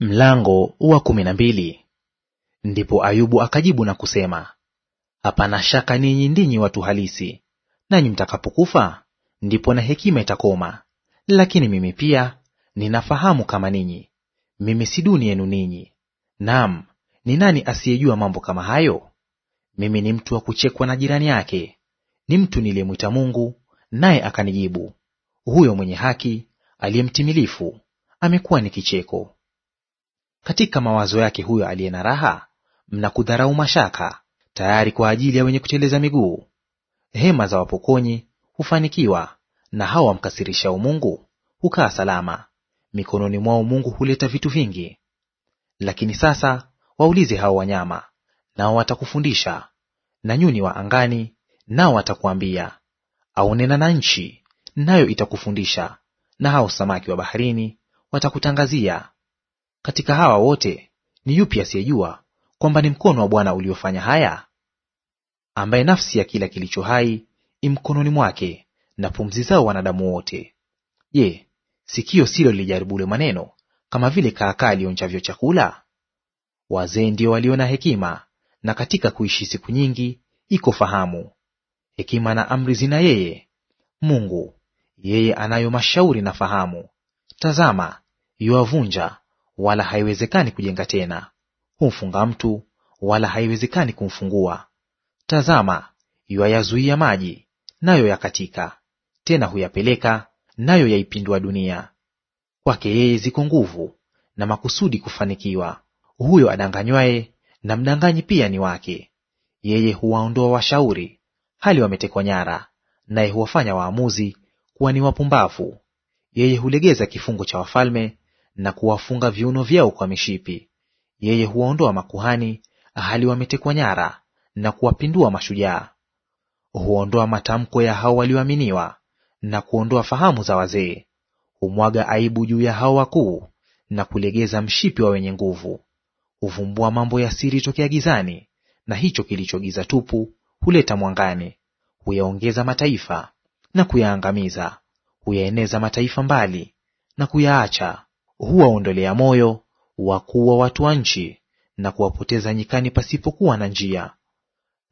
Mlango wa kumi na mbili. Ndipo Ayubu akajibu na kusema, hapana shaka ninyi ndinyi watu halisi, nanyi mtakapokufa ndipo na hekima itakoma. Lakini mimi pia ninafahamu kama ninyi, mimi si duni yenu ninyi. Naam, ni nani asiyejua mambo kama hayo? Mimi ni mtu wa kuchekwa na jirani yake, ni mtu niliyemwita Mungu naye akanijibu. Huyo mwenye haki aliyemtimilifu amekuwa ni kicheko. Katika mawazo yake huyo aliye na raha mna kudharau mashaka, tayari kwa ajili ya wenye kuteleza miguu. Hema za wapokonyi hufanikiwa, na hao wamkasirishao Mungu hukaa salama. Mikononi mwao Mungu huleta vitu vingi. Lakini sasa waulize hao wanyama, nao watakufundisha, na nyuni wa angani, nao watakuambia; au nena na nchi, nayo itakufundisha, na hao samaki wa baharini watakutangazia. Katika hawa wote ni yupi asiyejua kwamba ni mkono wa Bwana uliofanya haya? Ambaye nafsi ya kila kilicho hai imkononi mwake, na pumzi zao wanadamu wote. Je, sikio silo lilijaribule maneno, kama vile kaakaa lionjavyo chakula? Wazee ndio waliona hekima, na katika kuishi siku nyingi iko fahamu. Hekima na amri zina yeye Mungu, yeye anayo mashauri na fahamu. Tazama, yuwavunja, wala haiwezekani kujenga tena; humfunga mtu, wala haiwezekani kumfungua. Tazama, yuayazuia maji, nayo yakatika; tena huyapeleka, nayo yaipindua dunia. Kwake yeye ziko nguvu na makusudi kufanikiwa. Huyo adanganywaye na mdanganyi pia ni wake. Yeye huwaondoa washauri hali wametekwa nyara, naye huwafanya waamuzi kuwa ni wapumbavu. Yeye hulegeza kifungo cha wafalme na kuwafunga viuno vyao kwa mishipi. Yeye huwaondoa makuhani hali wametekwa nyara na kuwapindua mashujaa. Huondoa matamko ya hao walioaminiwa na kuondoa fahamu za wazee. Humwaga aibu juu ya hao wakuu na kulegeza mshipi wa wenye nguvu. Huvumbua mambo ya siri tokea gizani, na hicho kilichogiza tupu huleta mwangani. Huyaongeza mataifa na kuyaangamiza, huyaeneza mataifa mbali na kuyaacha huwaondolea moyo wakuu wa watu wa nchi, na kuwapoteza nyikani pasipokuwa na njia.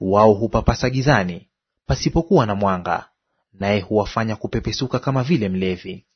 Wao hupapasa gizani pasipokuwa na mwanga, naye huwafanya kupepesuka kama vile mlevi.